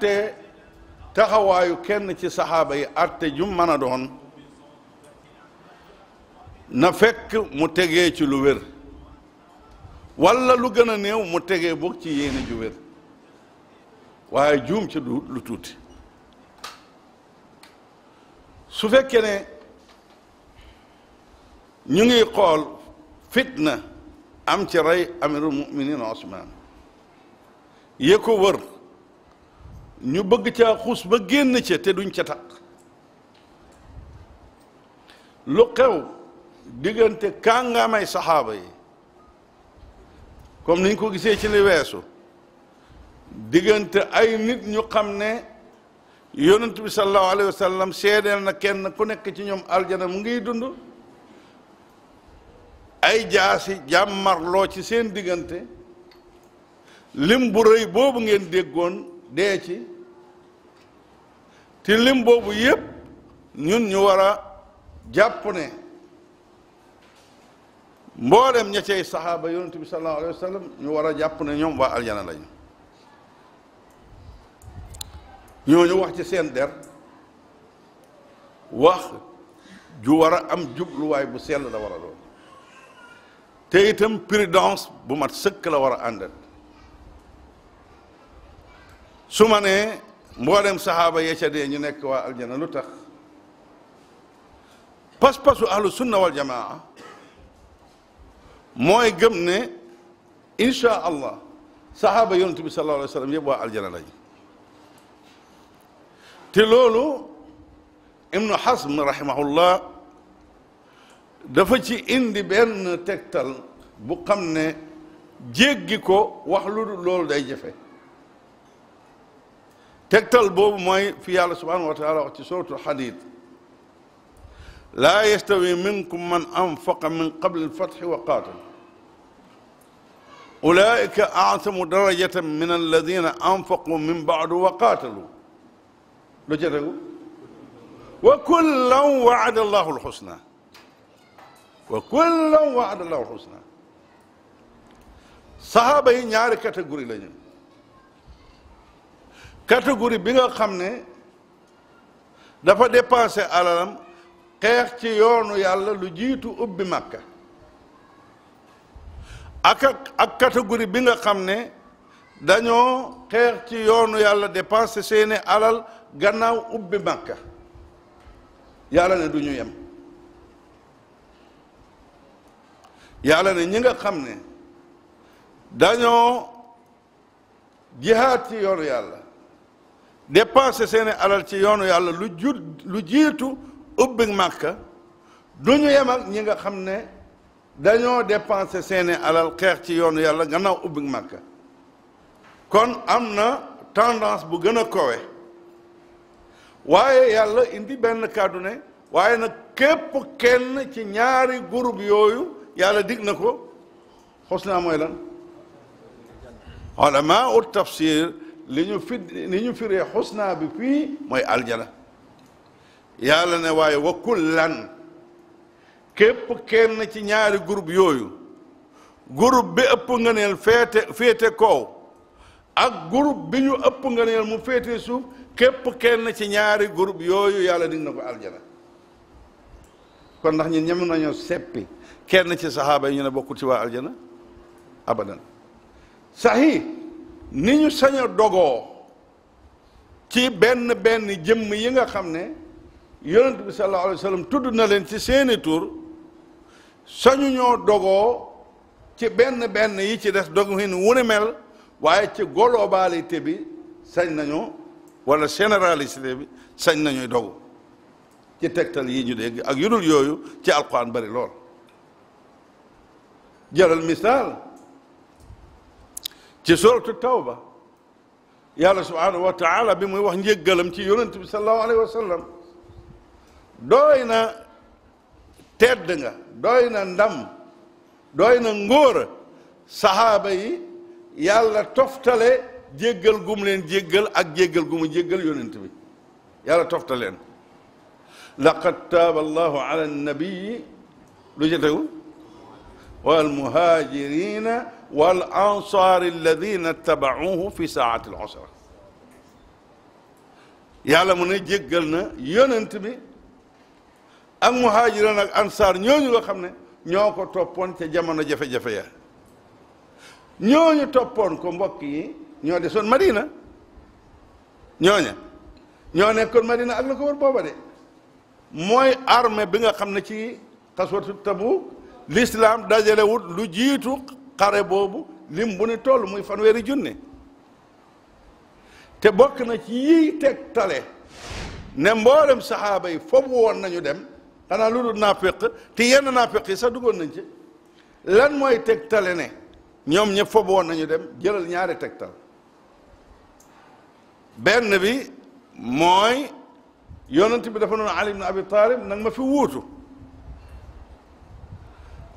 te taxawaayu kenn ci saxaaba yi atte jum mën a doon na fekk mu tegee ci lu wér walla lu gën a néew mu tegee boog ci yéene ju wér waaye juum ci lu tuuti su fekkee ne ñu ngi xool fitna am ci rey amirul muminin Osman yee ko wër ñu bëgg ca xuus ba génn ca te duñ ca takk lu xew diggante kàngaamay saxaaba yi comme niñ ko gisee ci li weesu diggante ay nit ñu xam ne yonent bi sallallahu alayhi wa seedeel na kenn ku nekk ci ñoom aljana mu ngiy dund ay jaasi jàmmarloo ci seen diggante lim bu rëy boobu ngeen déggoon dee ci ci lim boobu yépp ñun ñu war a jàpp ne mboolem ña cey saxaaba yonent bi sallallahu alayhi wa sallam ñu war a jàpp ne ñoom waa aljana lañu ñooñu wax ci seen der wax ju war a am jubluwaay bu sell la wara a doon te itam prudence bu mat sëkk la war a àndal su ma nee mboolem saxaaba ya dee ñu nekk waa aljana lu tax ahlu sunna wal jamaa mooy gëm ne insha allah saxaaba yonent bi sallallahu alayhi wa sallam waa aljana lañ te loolu ibnu xasm rahimahullah dafa ci indi benn tegtal bu xam ne jéggi ko wax lu loolu day jafe tegtal boobu mooy fi yàlla subhanahu wa taala wax ci suratul hadid laa yastawi minkum man anfaqa min qabli alfatxi wa qaatal ulaika asamu darajatan min alladina anfaqu min baadu wa qaatalu lu ca tegu wa kullan waada allahu alxusna wa kullan waada allahu alxusna sahaaba yi ñaari catégorie la ñu catégorie bi nga xam ne dafa dépensé alalam xeex ci yoonu yàlla lu jiitu ubbi màkka ak ak catégorie bi nga xam ne dañoo xeex ci yoonu yàlla dépensé seeni alal gannaaw ubbi màkka yàlla ne du ñu yem yàlla ne ñi nga xam ne dañoo jihaat ci yoonu yàlla dépensé seeni alal ci yoonu yàlla lu jur lu jiitu ubbi màkka du ñu yem ñi nga xam ne dañoo dépensé seeni alal xeex ci yoonu yàlla gannaaw ubbi màkka kon am na tendance bu gën a kowe waaye yàlla indi benn kàddu ne waaye nag képp kenn ci ñaari groupe yooyu yàlla dig na ko xos naa mooy lan ulama ut tafsir li ñu fi li ñu firee xusnaa bi fii mooy aljana yàlla na waaye wa lan képp kenn ci ñaari groupe yooyu groupe bi ëpp ngëneel féete féete kaw ak groupe bi ñu ëpp ngëneel mu féete suuf képp kenn ci ñaari groupe yooyu yàlla dig na ko aljana kon ndax ñun ñem nañoo seppi kenn ci saxaaba yi ñu ne bokkul ci waa aljana abadan sahi ni ñu sañ dogoo ci benn benn jëmm yi nga xam ne yonent bi sallallahu alayhi wa sallam tudd na leen ci seeni tur sañu ñoo dogoo ci benn benn yi ci des dog hin wuni mel waaye ci globalité bi sañ nañu wala généralité bi sañ nañuy dogu ci tegtal yi ñu dégg ak yudul yooyu ci alquran bari lool jëlal missal ci suratu tawba yàlla subhanahu wa taala bi muy wax njëggalam ci yonent bi sallallahu alayhi wa sallam dooy na tedd nga dooy na ndam dooy na ngóora saxaaba yi yàlla toftale jéggal gum leen jéggal ak jéggal gumu jéggal yonent bi yàlla toftaleen laqad taaba allahu ala annabiyi lu ca tegu wal muhaajirina والأنصار الذين اتبعوه في ساعة العسرة yàlla mu ne jéggal na yonent bi ak muhaajiroon ak ansaar ñooñu nga xam ne ñoo ko toppoon ca jamono jafe-jafe ya ñooñu toppoon ko mbokk yi ñoo desoon Madina ñooña ñoo nekkoon Madina ak la ko war booba de mooy armée bi nga xam ne ci xaswatu Tabuk l'islam dajalewut lu jiitu xare boobu lim bu ne toll muy fanweeri junne te bokk na ci yiy teg tale ne mboolem saxaaba yi foofu woon nañu dem xanaa lu dul naafeq te yenn naafeq yi sax duggoon nañ ci lan mooy teg tale ne ñoom ñëpp foofu woon nañu dem jëlal ñaari tegtal benn bi mooy yonent bi dafa noonu Ali ibn Abi Talib nag ma fi wuutu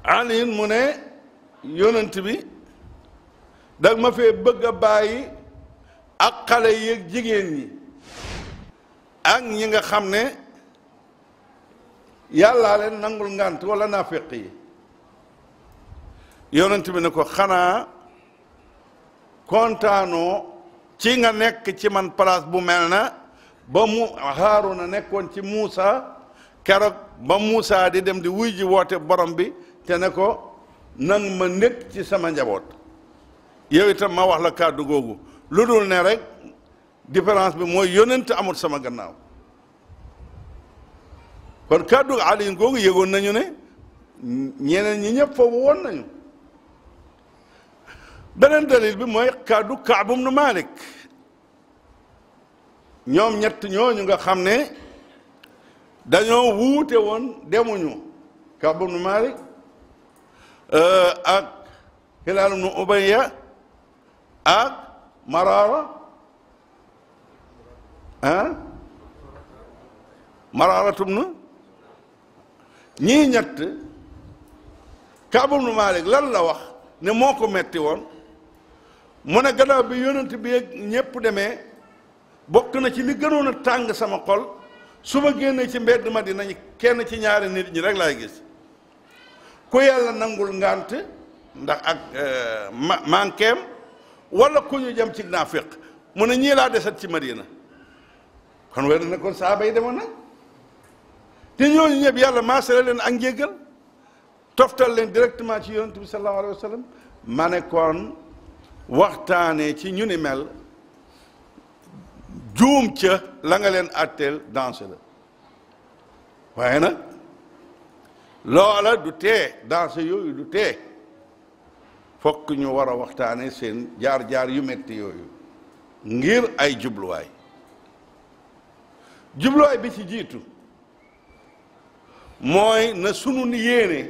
Ali mu ne yonent bi dag ma fee bëgg a bàyyi ak xale yeeg jigéen yi ak ñi nga xam ne yàllaa leen nangul ngànt wala naafeq yi yonent bi ne ko xanaa kontaanoo ci nga nekk ci man place bu mel na ba mu na nekkoon ci Muusa keroog ba Muusa di dem di wuy ji woote borom bi te ne ko nang ma nekk ci sama njaboot yow itam ma wax la kàddu googu lu dul ne rek différence bi mooy yonent amut sama gannaaw kon kàddu Aliyu googu yëgoon nañu ne ñeneen ñi ñëpp foofu woon nañu beneen dalil bi mooy kàddu kaabum nu Malik ñoom ñett ñooñu nga xam ne dañoo wuute woon demuñu kaabum nu Malik Euh, ak Hilaal ibnu Ubayya ak Maraara ah Maraaratum na ñii ñett Kaab Maalik lan la wax ne moo ko metti woon mu ne gannaaw bi yonent bi ñépp demee bokk na ci li gënoon a tàng sama xol su ma génnee ci mbedd ma dinañ kenn ci ñaari nit ñi rek laay gis ko yàlla nangul ngant ndax ak eh, ma manqueem wala ku ñu jëm ci naafiq mu ne ñii laa desat ci Madina kon wér na kon saaba yi demoon na te ñooñu ñëpp yàlla maasale leen ak njéggal toftal leen directement ci yonent bi sallallahu alayhi wa sallam ma ne kon waxtaanee ci ñu ni mel juum ca la nga leen atteel danse la waaye nag loola du tee danse yooyu du tee fokk ñu war a waxtaane seen jaar-jaar yu metti yooyu ngir ay jubluwaay jubluwaay bi ci jiitu mooy na sunu yéene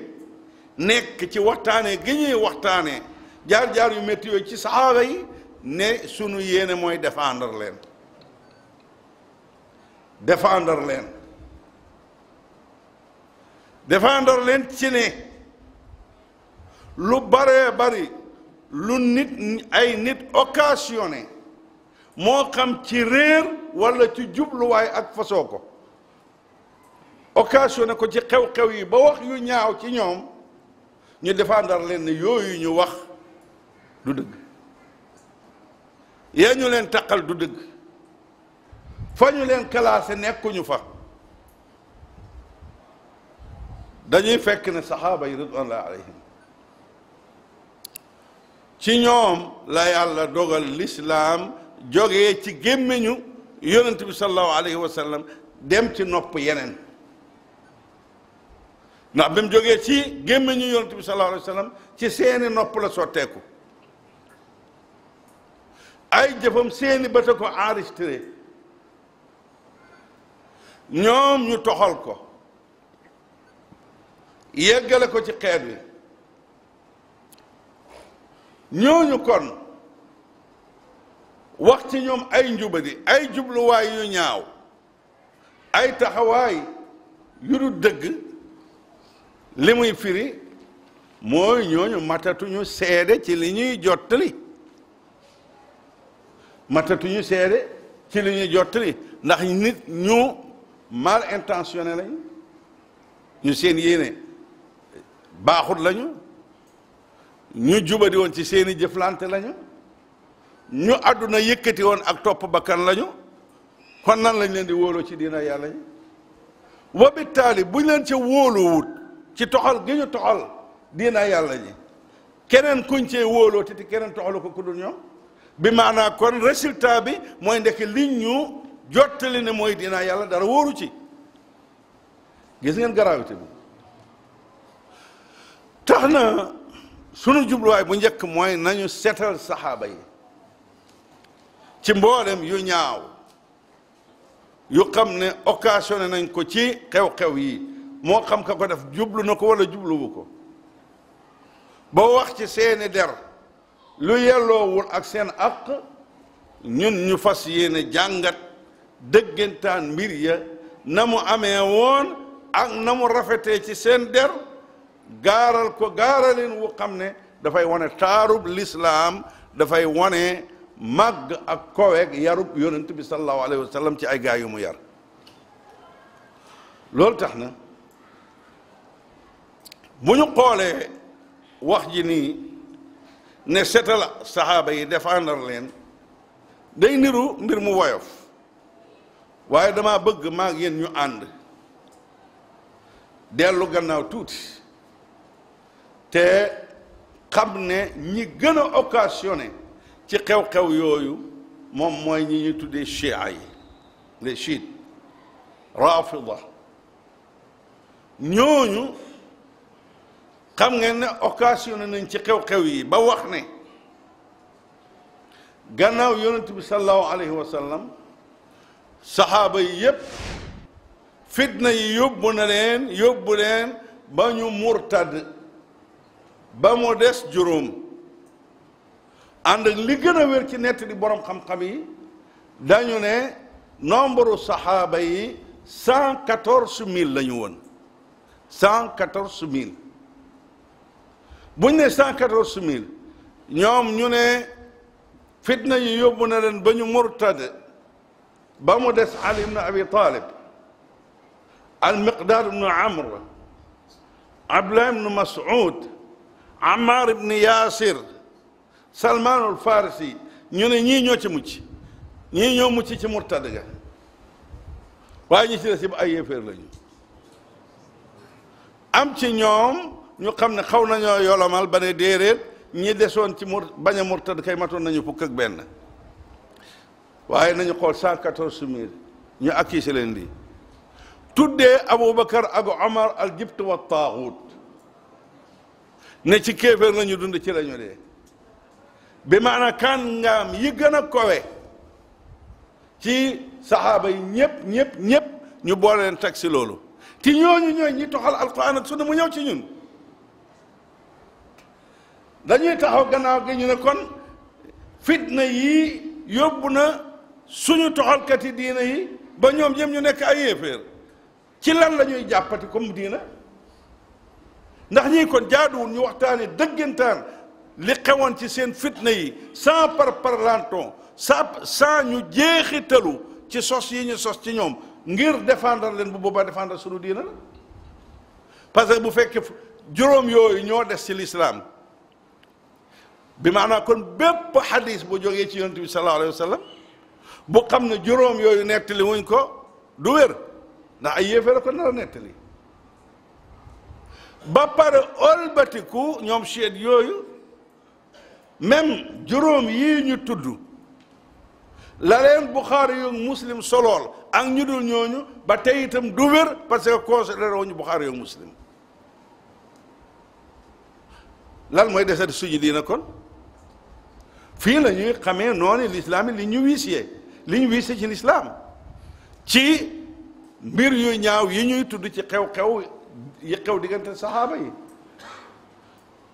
nekk ci waxtaane gi ñuy waxtaane jaar-jaar yu metti yooyu ci saxaaba yi ne sunu yéene mooy défendre leen défendre leen défendre leen ci ne lu baree bari lu nit ay nit occasionné moo xam ci réer walla ci jubluwaay ak fasoo ko occasionné ko ci xew-xew yi ba wax yu ñaaw ci ñoom ñu défendre leen ne yooyu ñu wax du dëgg yee ñu leen taqal du dëgg fa ñu leen classé nekkuñu fa dañuy fekk ne saxaaba yi ridwanullahi ci ñoom la yàlla dogal lislaam jógee ci gémmiñu yonent bi sallallahu alayhi wa dem ci nopp yeneen ndax bi mu jógee ci gémmiñu yonent bi sallallahu alayhi wa ci seeni nopp la sotteeku ay jëfam seeni bët a ko enregistré ñoom ñu toxal ko yeggale ko ci xeet wi ñooñu kon wax ci ñoom ay njubadi ay jubluwaay yu ñaaw ay taxawaay yu du dëgg li muy firi mooy ñooñu matatuñu seede ci li ñuy jottali matatuñu seede ci li ñuy jottali ndax nit ñu mal intentionné lañ ñu seen yéene baaxut lañu ñu jubadi woon ci seeni jëflante lañu ñu àdduna yëkkati woon ak topp bakkan lañu kon nan lañ leen di wóoloo ci diina yàlla ñi wa bittaali buñ leen ci wóoluwut ci toxal gi ñu toxal diina yàlla ñi keneen kuñ cee wóoloo te keneen toxalu ko ku dul ñoom bi maanaa kon résultat bi mooy ndekk liñ ñu jottali ne mooy diina yàlla dara wóoru ci gis ngeen gravité bi tax na sunu jubluwaay bu njëkk mooy nañu seetal saxaaba yi ci mboolem yu ñaaw yu xam ne occasionné nañ ko ci xew-xew yi moo xam ka ko def jublu na ko wala jubluwu ko boo wax ci seeni der lu yelloowul ak seen àq ñun ñu fas yéene jàngat dëggantaan mbir ya na mu amee woon ak na mu rafetee ci seen der gaaral ko gaaralin wu xam ne dafay wane taarub lislaam dafay wane màgg ak koweeg yarub yonent bi sallallahu alayhi wa ci ay gaa yu mu yar loolu tax na bu ñu xoolee wax ji nii ne setala saxaaba yi défendre leen day niru mbir mu woyof waaye dama bëgg maag yéen ñu ànd dellu gannaaw tuuti te xam ne ñi gën a occasionné ci xew-xew yooyu moom mooy ñi ñu tuddee chia yi les chiites rafida ñooñu xam ngeen ne occasionné nañ ci xew kew yi ba wax ne gannaaw yonent bi sallallahu alayhi wa sallam saxaaba yi yépp fitna yi yóbbu na leen yóbbu leen ba ñu murtad ba mu des juróom ànd li gën a wér ci nett di borom xam yi dañu ne nombre saxaaba yi cent quatorze mille la ñu cent quatorze mille buñ ne cent quatorze mille ñoom ñu ne fitna yi yóbbu na leen ba ñu murtade ba mu des ali ibnu abi talib al miqdaad ibnu amr abdullah ibnu mas'ud Ammar ibn Yaasir Salmaanul Farisi ñu ne ñii ñoo ci mucc ñii ñoo mucc ci murtad ga waaye ñi ci des yëpp ay yéeféer lañu am ci ñoom ñu xam ne xaw nañoo yolomal ba ne déeréet ñi desoon ci mur bañ a murtad kay matoon nañu fukk ak benn waaye nañu xool cent quatorze mille ñu accusé leen lii tuddee Aboubacar ak Omar al jibt wa taaxuut ne ci kéeféer nañu dund ci lañu dee bi maanaam kan ngaam yi gën a kowe ci saxaaba yi ñëpp ñëpp ñëpp ñu boole leen teg si loolu te ñooñu ñooy ñi toxal alquran ak sunna mu ñëw ci ñun dañuy taxaw gannaaw gi ñu ne kon fitna yii yóbbu na suñu toxalkat yi diina yi ba ñoom ñëm ñu nekk ay yéeféer ci lan lañuy jàppati comme diina ndax ñii kon jaaduwul ñu waxtaane dëggantaan li xewoon ci seen fitna yi sans par parlanton sans sans ñu jeexitalu ci sos yi ñu sos ci ñoom ngir défendre leen bu boobaa défendre sunu diina la parce que bu fekkee juróom yooyu ñoo des ci lislaam bi maanaa kon bépp xadis bu jógee ci yonent bi sallallahu alayhi bu xam ne juróom yooyu nettali wuñ ko du wér ndax ay yéefee la ko nar nettali ba pare olbatiku ñoom seet yooyu même juróom yi ñu tudd la leen Buxaari yu muslim solool ak ñu dul ñooñu ba tey itam du wér parce que considéré wuñu Buxaari yu muslim lan mooy desat suñu diina kon fii la ñuy xamee noonu lislaam yi li ñu wiisee li ñu wiisee ci lislaam ci mbir yu ñaaw yi ñuy tudd ci xew-xew yi xew diggante saxaaba yi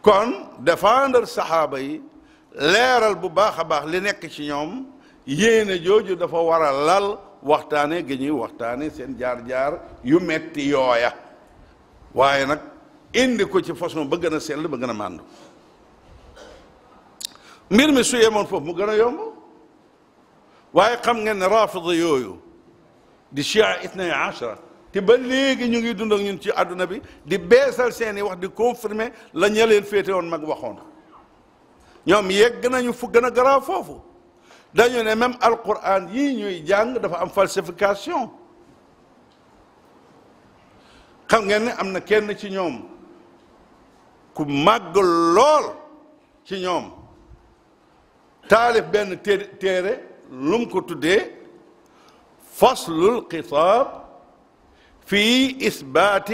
kon défendre saxaaba yi leeral bu baax a baax li nekk ci ñoom yéene jooju dafa war a lal waxtaane gi ñuy waxtaane seen jaar-jaar yu metti yooya waaye nag indi ko ci façon ba gën a sell ba gën a mànd mbir mi su yemoon foofu mu gën a yomb waaye xam ngeen ne rafida yooyu di chia itnay achara te ba léegi ñu ngi dund ak ñun ci àdduna bi di beesal seeni wax di confirmer la leen féete woon mag waxoon ñoom yëg nañu fu gën a garaaw foofu dañu ne même alquran yii ñuy jàng dafa am falsification xam ngeen ne am na kenn ci ñoom ku màgg lool ci ñoom taalif benn téere lum ko tuddee faslul xitaab في إثبات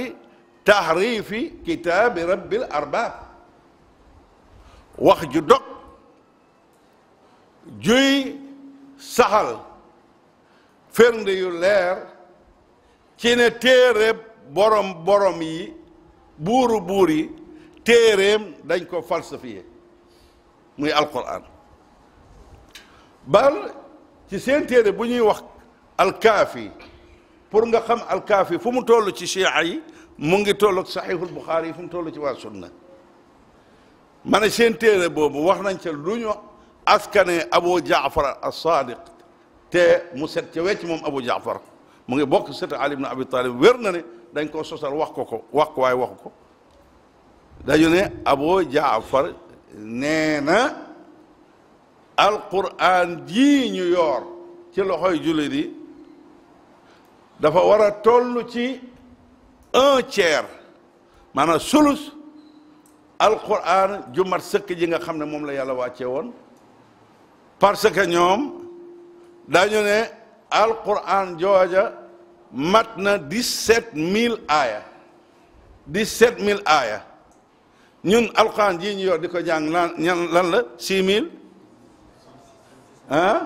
tahrif kitaabi rabbil arbaab wax ju dog juy saxal firnde yu leer ci ne téere borom borom yi buuru buur yi téeréem dañ ko falsifié muy alquran bal ci seen téere bu ñuy wax alkaafi pour nga xam alkaafi fu mu toll ci chia yi mu ngi toll ak saxiixul buxaari yi fu mu toll ci waa sunna ma ne seen téere boobu wax nañ ca lu ñu askane abu jaafar as sadiq te mu set ca wecc moom abu jaafar mu ngi bokk set ali ibn abi talib wér na ne dañ koo sosal wax ko ko wax ko waaye waxu ko dañu ne abu jaafar nee na alquran ji ñu yoor ci loxoy jullit yi dafa war a toll ci un tiers maanaam sulus alquran ju mat sëkk ji nga xam ne moom la yàlla wàcce woon parce que ñoom dañu ne alquran jooja mat na dix-sept mille aaya dix-sept mille aaya ñun alquran jii ñu yor di ko jàng lan lan la six mille ah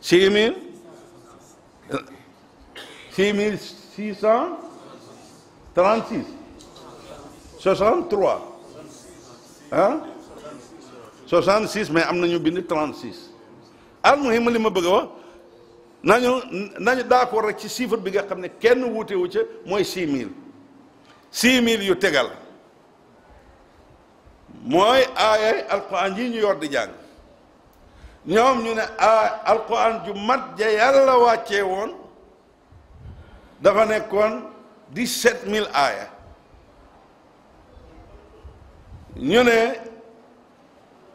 six mille Qui 1636. 63. ah 66 mais am nañu bind 36. al muhim li ma bëgg a wax nañu nañu d'accord rek ci chiffre bi nga xam ne kenn wuute mooy ca mooy 6000. 6000 yu tegal mooy aayay alquran yi ñu yor di jàng ñoom ñu ne a alquran ju mat ja yàlla wàcce woon. dafa nekkoon dix-sept mille aaya ñu ne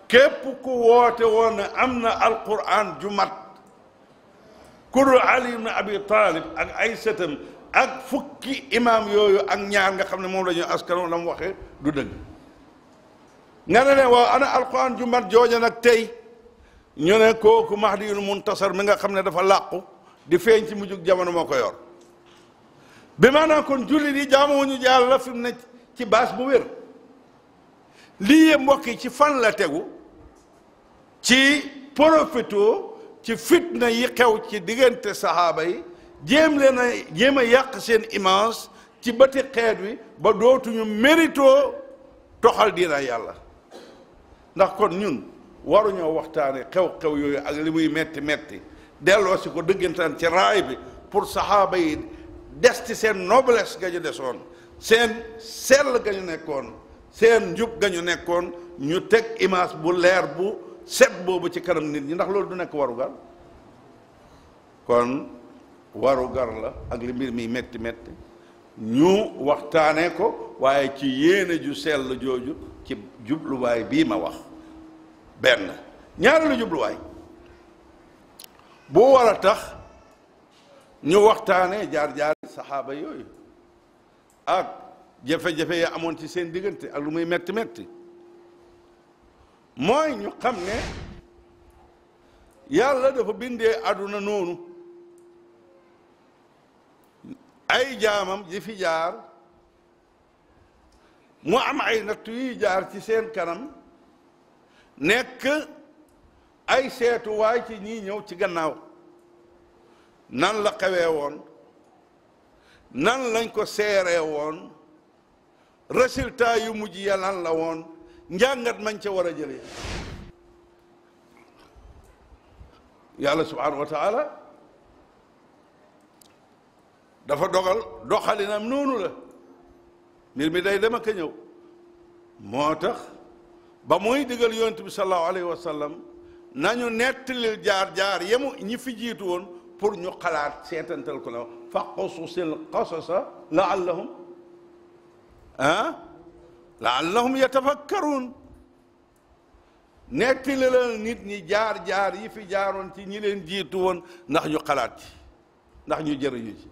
képp ku woote woon ne am na alquran ju mat ku dul ali ibn abi talib ak ay sëtam ak fukki imaam yooyu ak ñaar nga xam ne moom la ñu askano la mu waxee du dëgg nga ne ne waaw ana alquran ju mat jooja nag tey ñu ne kooku mahdiyul muntasar mi nga xam ne dafa làqu di feeñ ci mujjug jamono moo ko yor bi maanaam kon jullit yi jaamuwuñu yàlla fi mu ne ci baas bu wér lii yëpp mbokk yi ci fan la tegu ci profito ci fitna yi xew ci diggante saxaaba yi jéem leen a jéem yàq seen image ci bëti xeet wi ba dootuñu méritoo toxal diina yàlla ndax kon ñun waruñoo waxtaane xew-xew yooyu ak li muy metti metti delloo si ko dëggantaan ci raay bi pour saxaaba yi des ci seen noblesse ga ñu desoon seen sell ga ñu nekkoon seen njub ga ñu nekkoon ñu teg image bu leer bu set boobu ci kanam nit ñi ndax loolu du nekk warugar kon warugar la ak li mbir mi metti metti ñu waxtaanee ko waaye ci yéene ju sell jooju ci jubluwaay bii ma wax benn ñaareelu jubluwaay boo war a tax ñu waxtaane jaar-jaar saxaaba yooyu ak jafe-jafe ya amoon ci seen diggante ak lu muy metti metti mooy ñu xam ne yàlla dafa bindee àdduna noonu ay jaamam ji jaar mu am ay nattu yuy jaar ci seen kanam nekk ay seetuwaay ci ñii ñëw ci gannaaw nan la xewee woon nan lañ ko seeree woon résultat yu mujj ya la woon njàngat mañ ca war a jëlee yàlla subhanahu wa dafa dogal doxalinam noonu la mbir mi day dem ak ñëw moo tax ba muy digal yonent bi sallallahu alayhi wa nañu nettalil jaar jaar yemu ñi fi jiitu woon pour ñu xalaat seetantal ko la faqsusil qasasa laallahum ah laallahum yatafakkaruun netti la nit ñi jaar-jaar yi fi jaaroon ci ñi leen jiitu woon ndax ñu xalaat ci ndax ñu jëriñu ci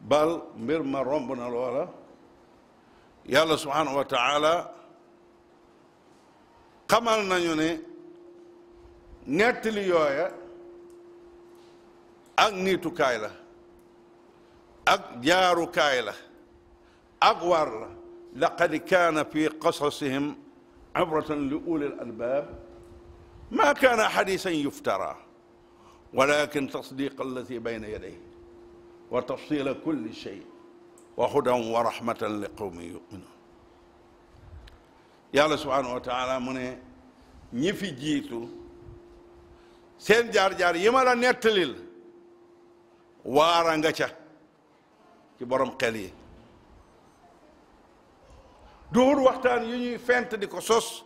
bal mbir ma romb na loola yàlla subhanahu wa taala xamal nañu ne nettali yooya ak niitukaay la ak jaarukaay la ak waar la laqad kaana fi qasasihim ibratan li ulil albaab maa kaana xadiisan yuftara walakin tasdiqa allati bayna yadayhi wa tafsila kulli shay wa hudan wa rahmatan li qawmin yuminuun yàlla subhaanahu wa taala mu ne ñi fi jiitu seen jaar-jaar yi ma la nettalil waara nga ca ci boroom xel yi duhul waxtaan yu ñuy fent di ko sos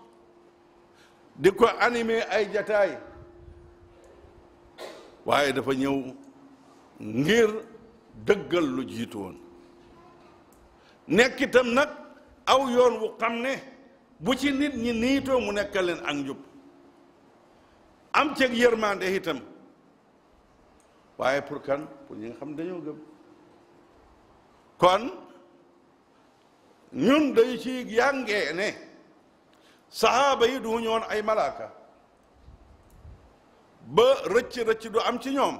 di ko animer ay jataay waaye dafa ñëw ngir dëggal lu jiitu woon nekk nag aw yoon wu xam ne bu ci nit ñi niitoo mu nekkal leen ak njub am ceeg yërmande itam waaye pour kan pour ñi nga xam dañoo gëm kon ñun dañu ci yàngee ne saxaaba yi du ñoon ay malaaka ba rëcc-rëcc du am ci ñoom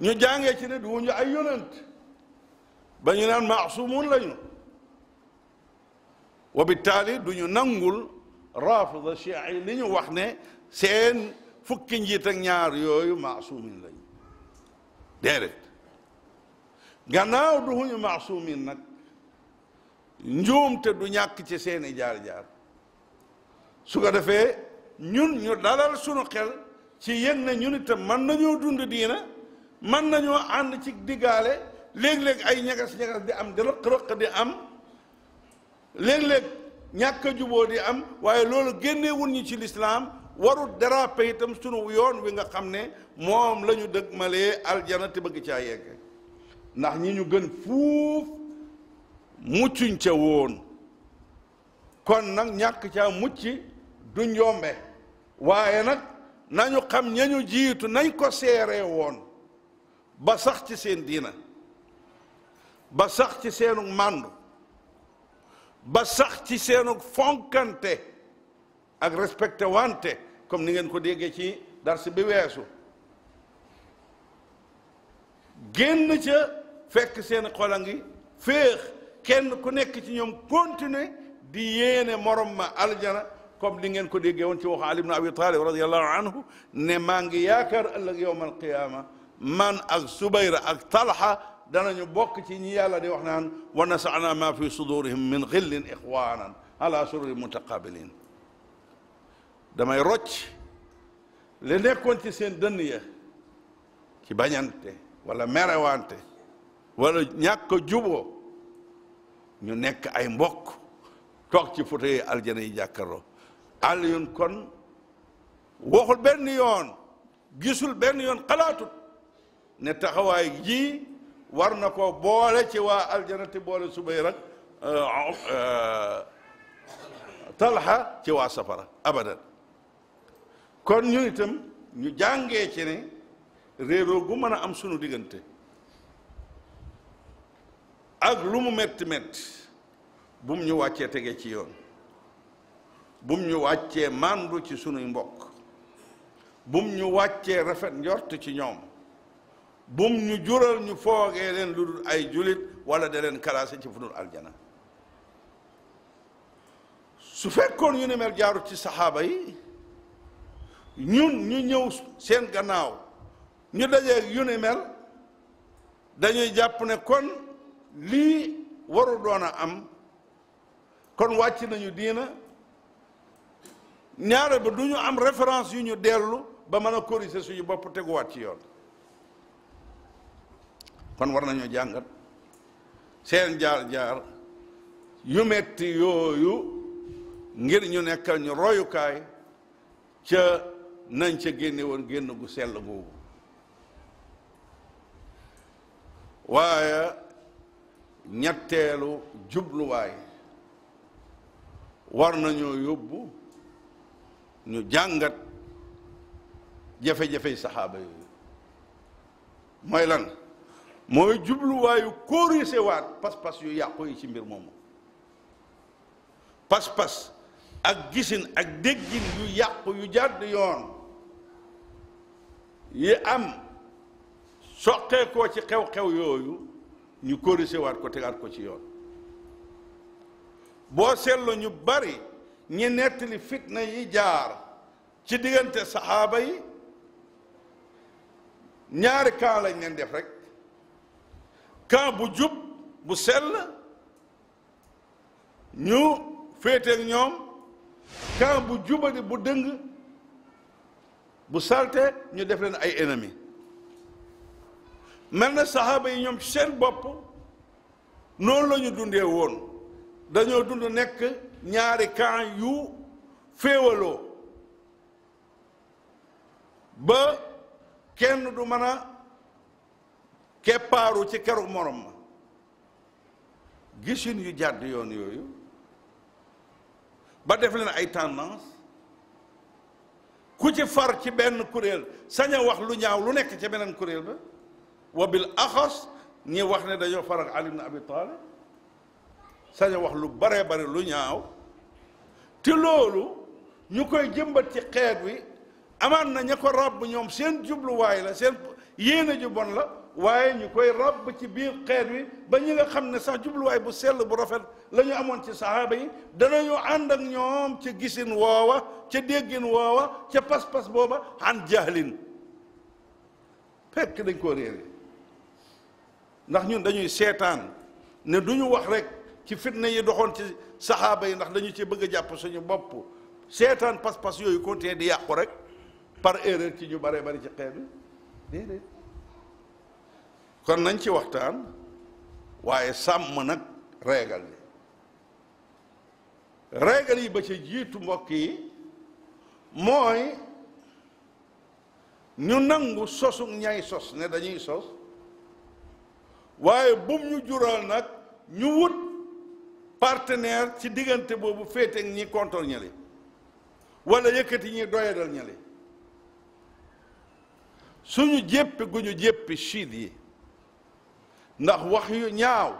ñu jàngee ci ne du ñu ay yonent ba ñu naan maasumun lañu wa bittaali du ñu nangul rafida chia yi li ñu wax ne seen fukki njiit ak ñaar yooyu maasumin lañ déedéet gannaaw duhuñu maasumin nag te du ñàkk ci seeni jaar-jaar su ko defee ñun ñu dalal sunu xel ci yéen ne ñun itam mën nañoo dund diina mën nañoo ànd ci diggaale léeg-léeg ay ñagas-ñagas di am di rëq-rëq di am léeg-léeg ñàkk a juboo di am waaye loolu génnewuñu ci lislaam warul déraper itam sunu yoon wi nga xam ne moom lañu ñu dëgg malee aljana te bëgg caa yegg ndax ñi ñu gën fuuf muccuñ ca woon kon nag ñàkk caa mucc du njombe waaye nag nañu xam ñañu jiitu nañ ko seeree woon ba sax ci seen diina ba sax ci seenu màndu ba sax ci seenu fonkante ak respecté wante comme ni ngeen ko déggee ci dars bi weesu génn ca fekk seen xola ngi féex kenn ku nekk ci ñoom continuer di yéene morom ma aljana comme ni ngeen ko déggee woon ci waxu Ali ibn Abi Talib radiallahu anhu ne maa ngi yaakaar ëllëg yowma alqiyama man ak Subayra ak Talha ñu bokk ci ñi yàlla de wax naan wa nasana ma fi sudurihim min xillin ixwanan ala sururi mutaqabilin damay rocc li nekkoon ci seen dënn ya ci bañante wala merewante wala ñàkk jubo ñu nekk ay mbokk toog ci fauteuil aljana yi jàkkaroo Alioune kon waxul benn yoon gisul benn yoon xalaatut ne taxawaay jii war na ko boole ci waa aljana te boole Zubayr ak euh, euh, talaxa ci waa safara abadan kon ñu itam ñu jàngee ci ne réeroo gu mën a am sunu diggante ak lu mu metti métti bum ñu wàccee tege ci yoon bum ñu wàccee mandu ci sunuy mbokk bum ñu wàccee rafet njort ci ñoom bum ñu jural ñu foogee leen lu dul ay julit wala da leen kalaase ci fu aljana su fekkoon yu ne mel jaaru ci saxaaba yi ñun ñu ñëw seen gannaaw ñu dajee yu ne mel dañuy jàpp ne kon lii waru doon a am kon wàcc nañu diina ñaare bi du ñu am référence yu ñu dellu ba mën a corriger suñu bopp teguwaat ci yoon kon war nañoo jàngat seen jaar-jaar yu metti yooyu ngir ñu nekkal ñu royukaay ca nañ ca génne génn gu sell googu waaye ñetteelu jubluwaay war nañoo yóbbu ñu jàngat jafe-jafey saxaaba yooyu mooy lan mooy jubluwaayu corriger waat pas-pas yu yàqu yi ci mbir moomu pas-pas ak gisin ak déggin yu yàqu yu jàdd yoon yi am soqeekoo ci xew-xew yooyu ñu corriger waat ko tegaat ko ci yoon boo seetloo ñu bari ñi nettali fitna yi jaar ci diggante saxaaba yi ñaari kaa lañ leen def rek camp bu jub bu sell ñu féeteeg ñoom camp bu jubadi bu dëng bu salte ñu def leen ay ennemi mel na saxaaba yi ñoom seen bopp noonu lañu dundee woon dañoo dund nekk ñaari camp yu féewaloo ba kenn du mën a keppaaru ci keru morom ma gisin yu jàdd yoon yooyu ba def leen ay tendance ku ci far ci benn kuréel sañ a wax lu ñaaw lu nekk ci beneen kuréel ba wa bil axas ñi wax ne dañoo far ak Ali ibn Abi Talib sañ a wax lu bare bare lu ñaaw te loolu ñu koy jëmbat ci xeet wi amaan na ña ko ràbb ñoom seen jubluwaay la seen yéene ju bon la waaye ñu koy ràbb ci biir xeet wi ba ñi nga xam ne sax jubluwaay bu sell bu rafet lañu amoon ci saxaaba yi danañu ànd ak ñoom ca gisin woowa ca déggin woowa ca pas-pas booba an jahlin fekk dañ koo réere ndax ñun dañuy seetaan ne du wax rek ci fitna yi doxoon ci saxaaba yi ndax dañu ci bëgg a jàpp suñu bopp seetaan pas-pas yooyu continuer di yàqu rek par erreur ci ñu bare bari ci xeet wi kon nañ ci waxtaan waaye sàmm nag réegal yi réegal yi ba ci jiitu mbokk yi mooy ñu nangu sosu ñay sos ne dañuy sos waaye bum ñu jural nag ñu wut partenaire ci diggante boobu féete ak ñi contrôle ñali wala yëkkati ñi doyadal ñali suñu jéppi gu ñu jéppi chiit yi ndax wax yu ñaaw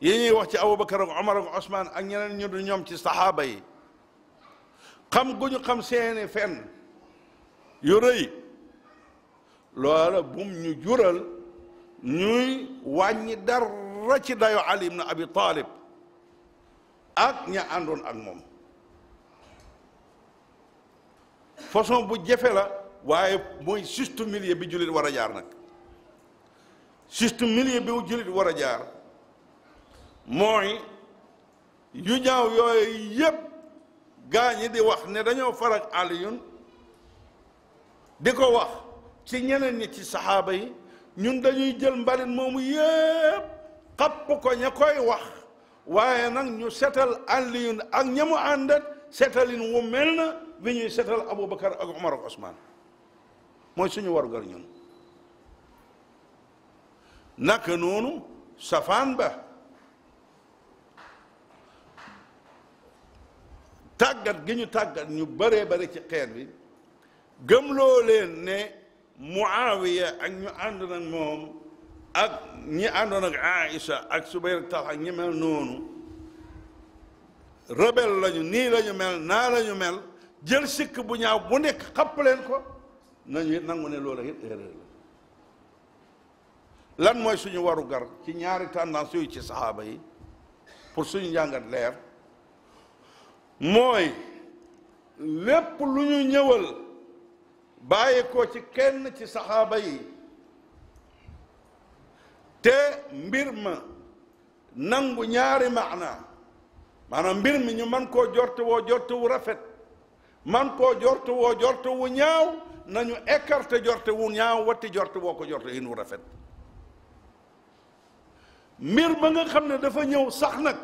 yi ñuy wax ci Aboubacar ak Omar ak Ousmane ak ñeneen ñu du ñoom ci saxaaba xam gu ñu xam seeni fenn yu rëy loola bum ñu jural ñuy wàññi dara ci dayo Ali ibn Abi Talib ak ña àndoon ak moom façon bu jafe la waaye mooy juste milieu bi jullit war a jaar nag juste milieu bi jullit war a jaar mooy yu ñaaw yooyu yépp gaa ñi di wax ne dañoo farak Aliyun di ko wax ci ñeneen ñi ci saxaaba yi ñun dañuy jël mbalit moomu yépp xapp ko ña koy wax waaye nag ñu setal Aliyun ak ña mu àndat setalin wu mel na bi ñuy setal Aboubacar ak Omar ak Ousmane mooy suñu warugar ñun naka noonu safaan ba tàggat gi ñu tàggat ñu bare bëri ci xeet bi gëmloo leen ne muawiya ak ñu àndoon ak moom ak ñi àndoon ak aïcha ak subayr ak ñi mel noonu rebel lañu nii lañu mel naa lañu mel jël sikk bu ñaaw bu nekk xapp leen ko nañu it nangu ne loolu it erreur la lan mooy suñu waru gar ci ñaari tendance yooyu ci saxaaba yi pour suñu njàngat leer mooy lépp lu ñu ñëwal bàyyi ko ci kenn ci saxaaba yi te mbir ma nangu ñaari maana maanaam mbir mi ñu man koo jorte woo jortu wu rafet man koo jortu woo jortu wu ñaaw nañu écarté jorte wu ñaaw watti jortu woo ko jortu hin wu rafet mbir ba nga xam ne dafa ñëw sax nag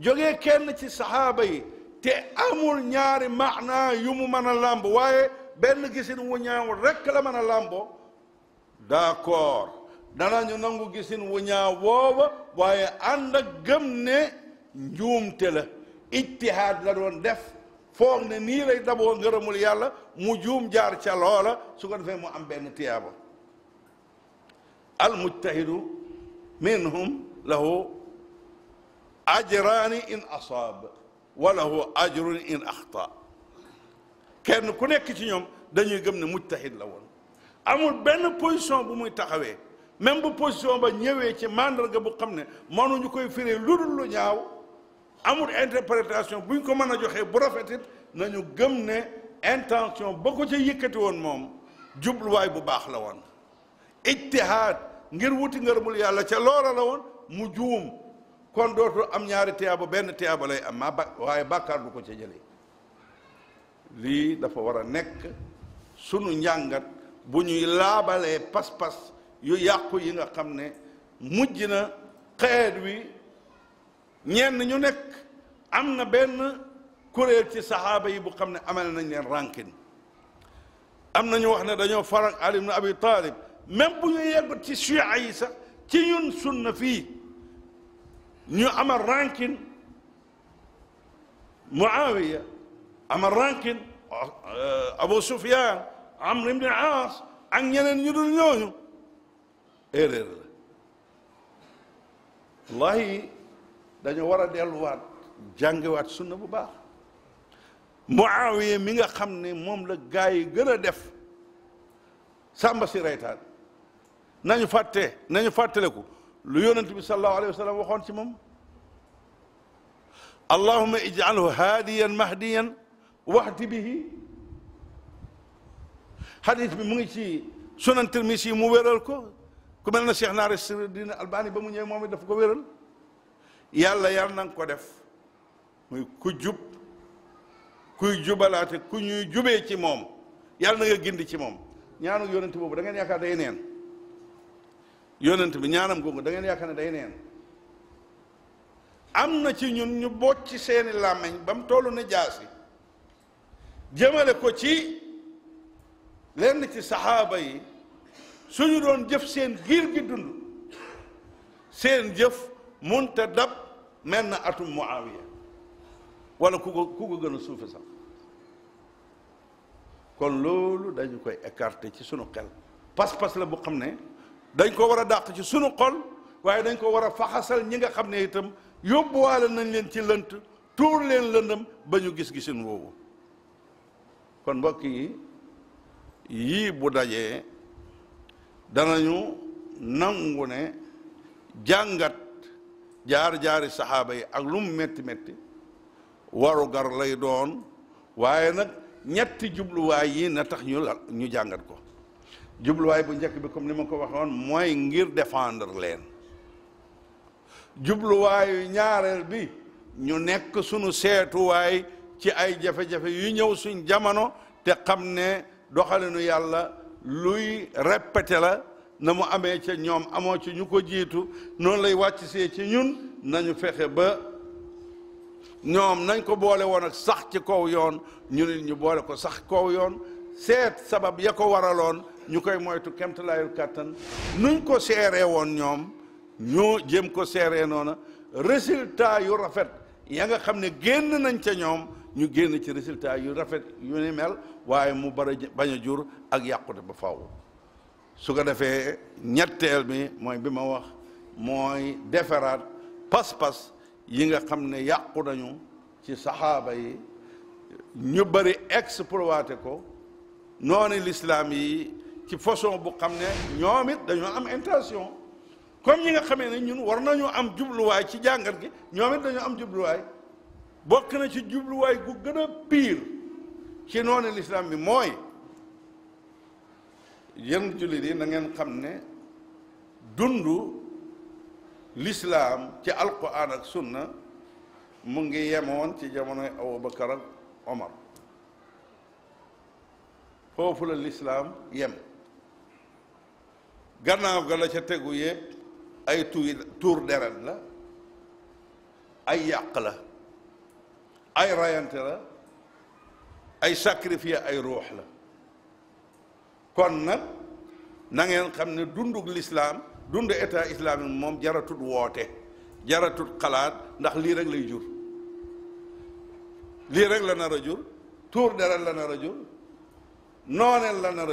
jógee kenn ci saxaaba yi te amul ñaari maanaa yu mu mën a làmb waaye benn gisin wu ñaaw rekk la mën a làmboo d'accord danañu nangu gisin wu ñaaw woowa waaye ànd ak gëm ne njuumte la ijtihaad la doon def foog ne nii lay daboo ngërëmul yàlla mu juum jaar ca loola su ko defee mu am benn tiyaaba al minhum له أجران إن أصاب وله أجر إن أخطأ kenn ku nekk ci ñoom dañuy gëm ne mujtahid la woon amut benn position bu muy taxawee même bu position ba ñëwee ci mandarga bu xam ne ñu koy firee lu dul lu ñaaw amul interprétation buñ ko mën a joxee bu rafetit nañu gëm ne intention ba ko ca yëkkati woon moom jubluwaay bu baax la woon ijtihaad ngir wuti ngërmul yàlla ca loola la woon mu juum kon dootul am ñaari tiyaaba benn tiyaaba lay am maa ba waaye bàkkaar du ko ci jële lii dafa war a nekk sunu njàngat bu ñuy laabalee pas-pas yu yàqu yi nga xam ne mujj na xeet wi ñenn ñu nekk am na benn kuréel ci saxaaba yi bu xam ne amal nañ leen rànkin am na ñu wax ne dañoo farak Ali ibn Abi Talib même bu ñu yeggut ci chia yi sax ci ñun sunna fii ñu amal ranking Muawiya amal ranking uh, Abu Sufyan Amr ibn Aas ak ñeneen ñu dul ñooñu erreur la wallahi dañu war a delluwaat jàngiwaat sunna bu baax Muawiya mi nga xam ne moom la gaa yi gën a def sàmba si reytaan nañu fàtte nañu fàttaleku lu yonent bi sallallahu alayhi wa sallam waxoon ci moom allahuma ij'alhu haadiyan mahdiyan waxti bihi xadis bi mu ngi ci sunan Tirmisi mu wéral ko ku mel na Cheikh dina Albani ba mu ñëwee moom it daf ko wéral yàlla yàlla na nga ko def muy ku jub kuy jubalaate ku ñuy jubee ci moom yàlla na nga gindi ci moom ñaanu yonent boobu da ngeen yaakaar day neen yonent bi ñaanam googu da ngeen yaakaar ne day neen am na ci ñun ñu boot ci seeni làmmiñ ba mu toll ne jaasi jëmale ko ci lenn ci saxaaba yi suñu doon jëf seen giir gi dund seen jëf munta dab mel na atum muawiya wala ku ko ku ko gën a sax kon loolu dañu koy écarter ci sunu xel pas-pas la bu xam ne dañ ko war a dàq ci suñu xol waaye dañ ko war a faxasal ñi nga xam ne itam yóbbuwaale nañ leen ci lënt tuur leen lëndam ba ñu gis-gisin woowu kon mbokk yi yii bu dajee danañu nangu ne jàngat jaar-jaari saxaaba yi ak lu mu metti metti waru gar lay doon waaye nag ñetti jubluwaay yi na tax ñu jàngat ko jubluwaay bu njëkk bi comme ni ma ko waxoon mooy ngir défendre leen jubluwaayu ñaareel bi ñu nekk sunu seetuwaay ci ay jafe-jafe yu ñëw suñ jamono te xam ne doxalinu yàlla luy répété la na mu amee ca ñoom amoo ci ñu ko jiitu noonu lay wàcc see ci ñun nañu fexe ba ñoom nañ ko boole woon ak sax ci kaw yoon ñu nit ñu boole ko sax kow yoon seet sabab ya ko waraloon ñu koy moytu kemtalaayu kàttan nuñ ko seeree woon ñoom ñoo jëm ko seeree noona résultat yu rafet ya nga xam ne génn nañ ca ñoom ñu génn ci résultat yu rafet yu ni mel waaye mu bari bañ a jur ak yàqute ba faw su ko defee ñetteel bi mooy bi ma wax mooy defaraat pas-pas yi nga xam ne yàqu nañu ci saxaaba yi ñu bari exploité ko noonu lislaam yi ci façon bu xam ne ñoom it dañoo am intention comme ñi nga xamee ne ñun war nañu am jubluwaay ci jàngat gi ñoom it dañoo am jubluwaay bokk na ci jubluwaay gu gën a pire ci noonu lislaam bi mooy yéen jullit yi na ngeen xam ne dund lislaam ci alquran ak sunna mu ngi yemoon ci jamonoy Abubakar ak Omar foofu la lislaam yem gannaaw ga la ca tegu yëpp ay tuuy tuur deret la ay yàq la ay rayante la ay sacrifice ay ruux la kon nag na ngeen xam ne dundug lislaam dund état islamique moom jaratut woote jaratut xalaat ndax lii rek lay jur lii rek la na a jur tuur deret la nar a nooneel la nar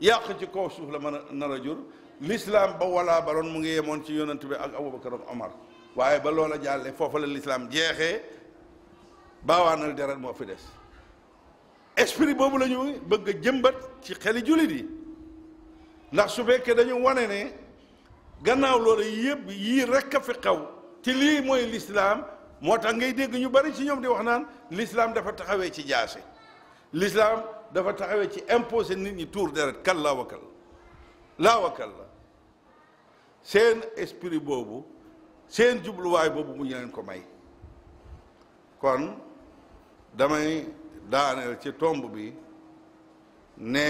yàq ci kaw suuf la mën a nar a jur l'islam ba walaa baloon mu ngi yemoon ci yonent bi ak Aboubacar ak Omar waaye ba lool a jàlle foofa la l'islam jeexee baawaanal deret moo fi des esprit boobu la bëgg a jëmbat ci xeli jullit yi ndax su fekkee dañu wane ne gannaaw loolu yëpp yii rek a fi xaw ci lii mooy l'islam moo tax ngay dégg ñu bari ci ñoom di wax naan l'islam dafa taxawee ci jaase l'islam dafa taxawee ci imposé nit ñi tuur deret kal laa wakal laa la seen esprit boobu seen jubluwaay boobu mu ñu ko may kon damay daaneel ci tomb bi ne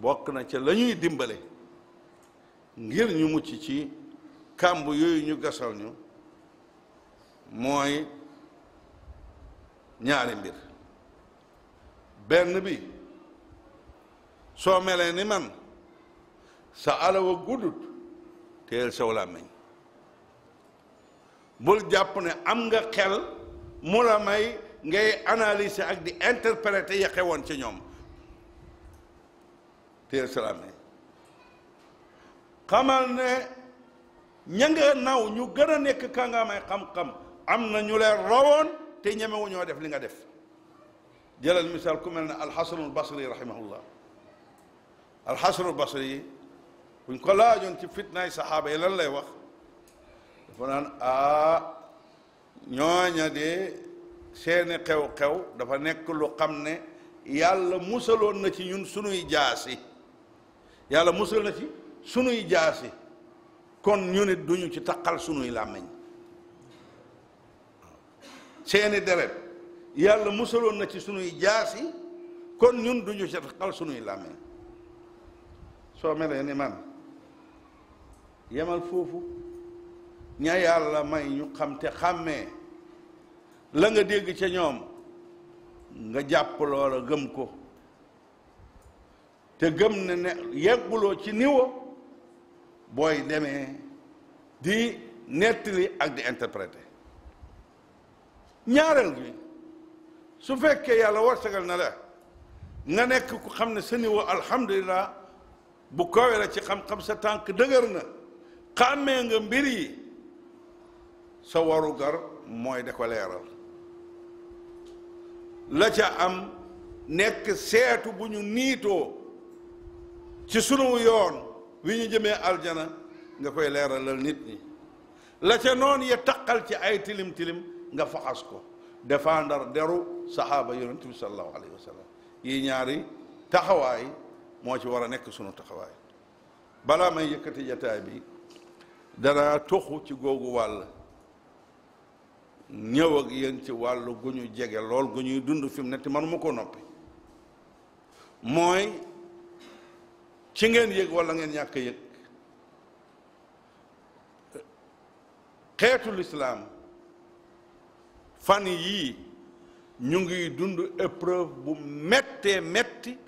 bokk na ci la ñuy dimbale ngir ñu mucc ci kàmb yooyu ñu gasal ñu mooy ñaari mbir benn bi soo melee ni man sa alawa guddut teel saw làmmiñ bul jàpp ne am nga xel mu la may ngay analyser ak di interpréter ya xewoon ci ñoom teel sa làmmiñ xamal ne ña nga naw ñu gën a nekk ka nga may xam-xam am na ñu leen rawoon te ñemewu def li nga def jëlal misaal ku mel ne alxasanul basri rahimahullah alxasanul basri yi buñ ko laajoon ci fitnaay saxaaba yi lan lay wax dafa naan aa ah, ñooña de seeni xew kew dafa nekk lu xam ne yàlla musaloon na ci ñun sunuy jaasi yàlla musal na ci sunuy jaasi kon ñu nit duñu ci taqal sunuy làmmiñ seeni deret yàlla musaloon na ci sunuy jaasi kon ñun duñu ci taqal sunuy làmmiñ soo melee ni man yemal foofu ña yàlla may ñu xam te xàmmee la nga dégg ca ñoom nga jàpp loola gëm ko te gëm ne ne yegguloo ci niwo booy demee di nettili ak di interpréter ñaareel gi su fekkee yàlla warsagal na la nga nekk ku xam ne sa niwo alhamdulilah bu kawe la ci xam-xam sa tànk dëgër na xàmmee nga mbir yi sa waru gar mooy da ko leeral la ca am nekk seetu bu ñu niitoo ci sunu yoon wi ñu jëmee aljana nga koy leeralal nit ñi la ca noon ya taqal ci ay tilim-tilim nga faxas ko défendre deru saxaaba yonent bi sallallahu alayhi yi ñaari taxawaay moo ci war a nekk sunu taxawaay balaa may yëkkati jataay bi danaa toxu ci googu wàll ñëw ak ci wàllu gu ñu jege lool gu ñuy dund fi nekk ne te manuma koo noppi mooy ci ngeen yëg walla ngeen ñàkk yëg xeetu lislaam fan yii ñu ngi dund épreuve bu méttee metti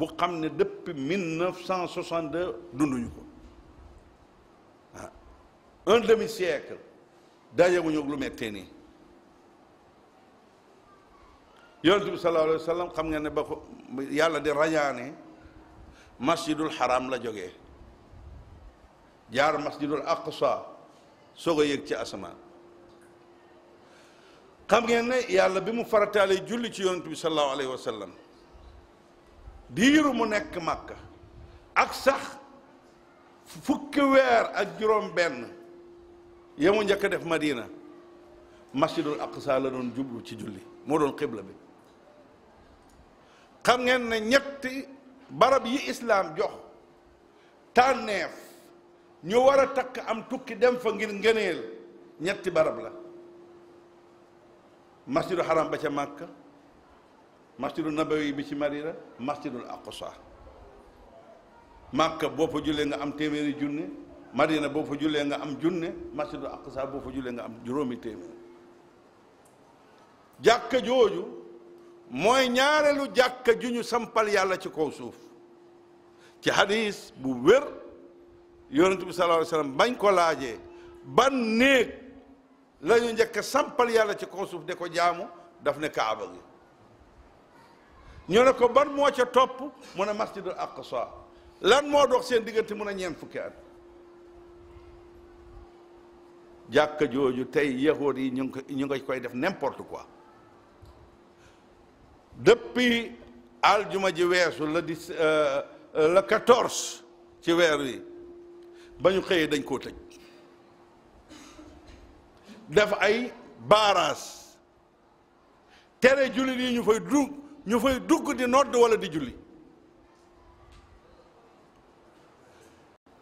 bu xam ne depuis mille neuf cent soixante deux dunduñu ko ah. un demi siècle dajeguñu ak lu mettee nii yonent bi sallallahu alayhi wa xam nga ne ba ko yàlla di rañaane masjidul haram la jógee jaar masjidul aqsa soog a yëg ci asamaan xam ngeen ne yàlla bi mu farataalee julli ci yonent bi sallallahu alayhi wa sallam diiru mu nekk makka ak sax fukki weer ak juróom benn yemu njëkk def madina masjidul aqsa la doon jublu ci julli moo doon xibla bi xam ngeen ne ñetti barab yi islaam jox tànneef ñu war a takk am tukki dem fa ngir ngëneel ñetti barab la masjidul haram ba ca màkka masjidu nabawi bi ci Madina masjidul Aqsa Màkka boo fa jullee nga am téeméeri junne Madina boo fa jullee nga am junne masjidul Aqsa boo fa jullee nga am juróomi téeméer jàkka jooju mooy ñaareelu jàkka ju ñu sampal yàlla ci kaw suuf ci hadis bu wér yonent bi sallallahu alayhi wa bañ ko laajee ban néeg la ñu njëkk sampal yàlla ci kaw suuf de ko jaamu daf ne kaaba gi ñu ne ko ban moo ca topp mu ne masjidul aqsa lan moo dox seen diggante mun a ñeen fukki at jàkka jooju tey yahood yi ñu ngi ñu ngi koy def n'importe quoi depuis aljuma ji weesu la di la quatorze ci weer wi ba ñu xëyee dañ koo tëj def ay baaraas tere jullit yi ñu fay dugg ñu fay dugg di nodd walla di julli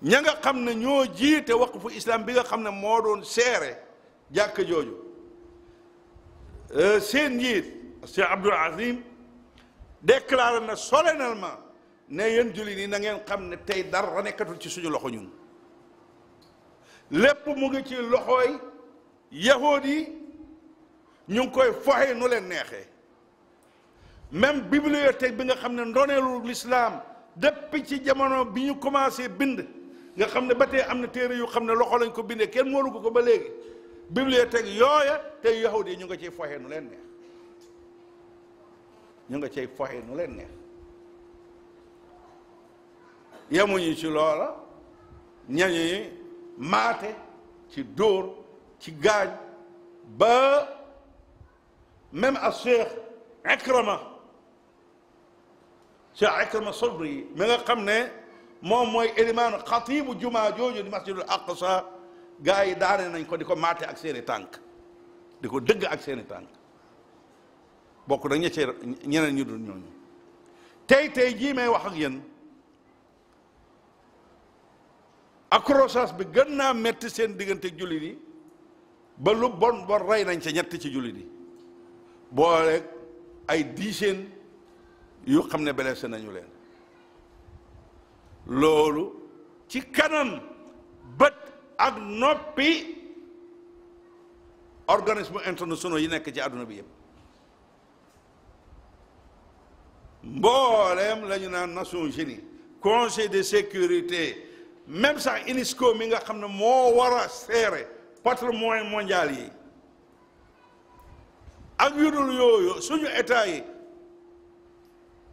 ña nga xam ne ñoo jiite waqfu islam bi nga xam ne moo doon seere jàkk jooju euh, seen njiit Cheikh Abdoul Azim déclaré na solennellement ne yéen julli nii na ngeen xam ne tey dara nekkatul ci suñu loxo ñun lépp mu ngi ci loxooy yahood yi ñu ngi koy foxe nu leen neexee même bibliothèque bi nga xam ne ndoneelu l'islam depuis ci jamono bi ñu commencé bind nga xam ne ba tey am na téere yu xam ne loxo lañ ko bindee kenn moolu ko ko ba léegi bibliothèque yooya tey yahud yi ñu nga ciy foxee nu leen neex ñu nga ciy foxee nu leen neex yemuñu ci loola ñañuy maate ci dóor ci gaañ ba même a Cheikh Ikrama ca Ikrima Sabri mi nga xam ne moom mooy élimaanu xatibu jumaa jooju di masjidul aqsa gars yi daane nañ ko di ko maate ak seeni tànk di ko dëgg ak seeni tànk bokk nag ña cee ñu dul ñooñu tey tey jii may wax ak yéen accrochage bi gën naa metti seen diggante jullit yi ba lu bon bon rey nañ ca ñett ci jullit yi booleeg ay diiseen yu xam ne blessé nañu leen loolu ci kanam bët ak noppi organisme internationaux yi nekk ci àdduna bi yëpp mbooleem la ñu naan Nations Unies conseil de sécurité même sax unisco mi nga xam ne moo war a seere moyen mondial yi ak yu dul yooyu suñu état yi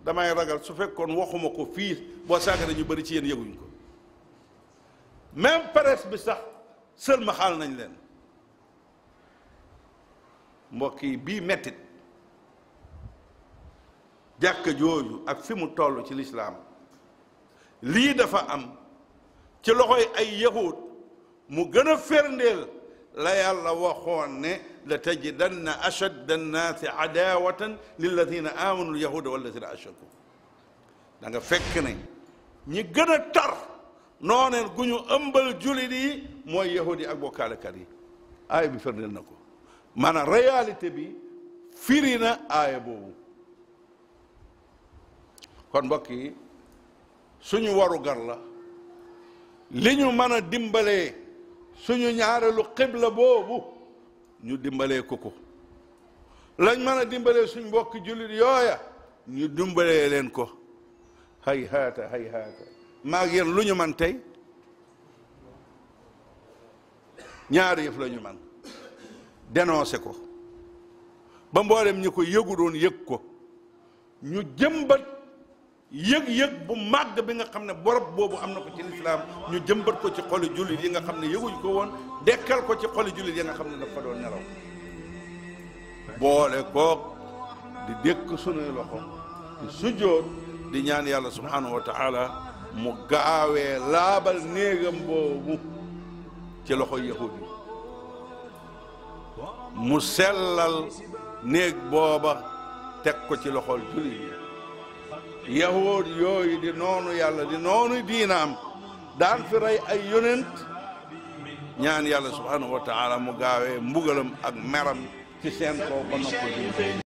damay ragal su fekkoon waxuma ko fii boo saagane ñu bari ci yéen yëguñ ko même pares bi sax sël ma xaal nañ leen mbokk bii mettit jàkk jooju ak fi mu toll ci lislaam lii dafa am ci loxo yi ay yahud mu gën a ferndeel la yàlla waxoon ne la tajidanna ashadda annaasi adawatan lilladina amanu alyahuda walladina ashraku da nga fekk ne ñi gën a tar nooneen gu ñu ëmbal julit yi mooy yahudi ak bokkaalekat yi aaya bi firndeel na ko maanaam réalité bi firi na aaya boobu kon mbokk yi suñu waru la li ñu mën a dimbalee suñu ñaareelu xibla boobu ñu dimbalee ko ko lañ mën a dimbalee suñ mbokki jullit yooya ñu dimbalee leen ko hay haata hay haata lu ñu man tey ñaari yëf lañu man dénoncé ko ba mboolem ñi ko yëgu doon yëg ko ñu jëmbat yëg-yëg bu màgg bi nga xam ne borob boobu am na ko ci lislaam ñu jëmbat ko ci xoli jullit yi nga xam ne yëguñ ko woon dekkal ko ci xoli jullit yi nga xam ne dafa doon nelaw boole koog di dékk sunuy loxo di di ñaan yàlla subhanahu wa taala mu gaawee laabal néegam boobu ci loxo yahud yi mu sellal néeg booba teg ko ci loxol jullit yahood yooyu di noonu yàlla di noonu diinaam daan fi rey ay yonent ñaan yàlla subhanahu wa taala mu gaawee mbugalam ak meram ci seen kaw ba noppi